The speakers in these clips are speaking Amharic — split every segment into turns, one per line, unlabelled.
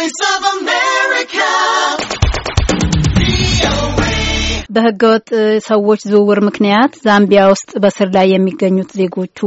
Voice of America.
በህገወጥ ሰዎች ዝውውር ምክንያት ዛምቢያ ውስጥ በስር ላይ የሚገኙት ዜጎቹ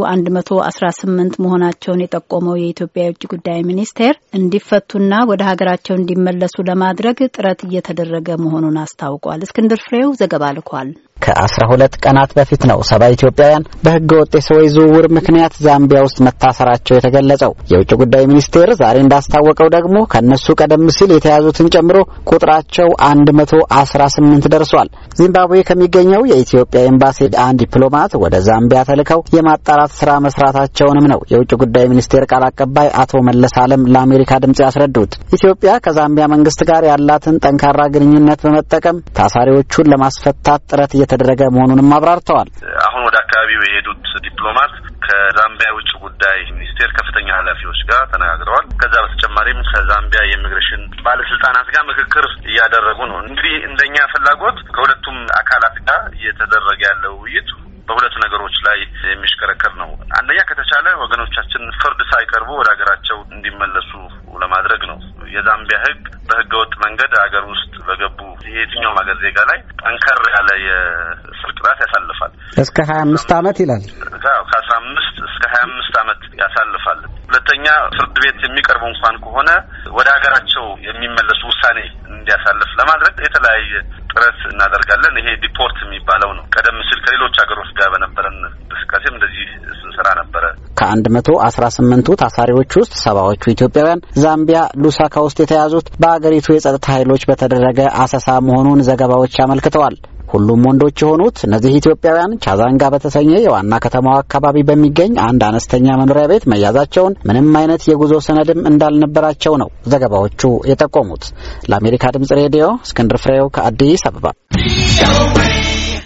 ስምንት መሆናቸውን የጠቆመው የኢትዮጵያ የውጭ ጉዳይ ሚኒስቴር እንዲፈቱና ወደ ሀገራቸው እንዲመለሱ ለማድረግ ጥረት እየተደረገ መሆኑን አስታውቋል። እስክንድር ፍሬው ዘገባ ልኳል።
ከአስራ ሁለት ቀናት በፊት ነው ሰባ ኢትዮጵያውያን በህገ ወጥ የሰዎች ዝውውር ምክንያት ዛምቢያ ውስጥ መታሰራቸው የተገለጸው። የውጭ ጉዳይ ሚኒስቴር ዛሬ እንዳስታወቀው ደግሞ ከእነሱ ቀደም ሲል የተያዙትን ጨምሮ ቁጥራቸው አንድ መቶ አስራ ስምንት ደርሷል። ዚምባብዌ ከሚገኘው የኢትዮጵያ ኤምባሲ አንድ ዲፕሎማት ወደ ዛምቢያ ተልከው የማጣራት ስራ መስራታቸውንም ነው የውጭ ጉዳይ ሚኒስቴር ቃል አቀባይ አቶ መለስ አለም ለአሜሪካ ድምጽ ያስረዱት። ኢትዮጵያ ከዛምቢያ መንግስት ጋር ያላትን ጠንካራ ግንኙነት በመጠቀም ታሳሪዎቹን ለማስፈታት ጥረት እየተ እየተደረገ መሆኑንም አብራርተዋል።
አሁን ወደ አካባቢው የሄዱት ዲፕሎማት ከዛምቢያ ውጭ ጉዳይ ሚኒስቴር ከፍተኛ ኃላፊዎች ጋር ተነጋግረዋል። ከዛ በተጨማሪም ከዛምቢያ የኢሚግሬሽን ባለስልጣናት ጋር ምክክር እያደረጉ ነው። እንግዲህ እንደኛ ፍላጎት ከሁለቱም አካላት ጋር እየተደረገ ያለው ውይይት በሁለት ነገሮች ላይ የሚሽከረከር ነው። አንደኛ ከተቻለ ወገኖቻችን ፍርድ ሳይቀርቡ ወደ ሀገራቸው እንዲመለሱ ለማድረግ ነው። የዛምቢያ ህግ በህገ ወጥ መንገድ ሀገር ውስጥ በገቡ የትኛውም ሀገር ዜጋ ላይ ጠንከር ያለ የእስር ቅጣት ያሳልፋል።
እስከ ሀያ አምስት አመት ይላል።
ከአስራ አምስት እስከ ሀያ አምስት አመት ያሳልፋል። ሁለተኛ ፍርድ ቤት የሚቀርቡ እንኳን ከሆነ ወደ ሀገራቸው የሚመለሱ እንዲያሳልፍ ለማድረግ የተለያየ ጥረት እናደርጋለን። ይሄ ዲፖርት የሚባለው ነው። ቀደም ሲል ከሌሎች ሀገሮች ጋር በነበረን እንቅስቃሴም እንደዚህ ስንሰራ
ነበረ። ከአንድ መቶ አስራ ስምንቱ ታሳሪዎች ውስጥ ሰባዎቹ ኢትዮጵያውያን ዛምቢያ ሉሳካ ውስጥ የተያዙት በአገሪቱ የጸጥታ ኃይሎች በተደረገ አሰሳ መሆኑን ዘገባዎች አመልክተዋል። ሁሉም ወንዶች የሆኑት እነዚህ ኢትዮጵያውያን ቻዛንጋ በተሰኘ የዋና ከተማዋ አካባቢ በሚገኝ አንድ አነስተኛ መኖሪያ ቤት መያዛቸውን ምንም አይነት የጉዞ ሰነድም እንዳልነበራቸው ነው ዘገባዎቹ የጠቆሙት። ለአሜሪካ ድምጽ ሬዲዮ እስክንድር ፍሬው ከአዲስ አበባ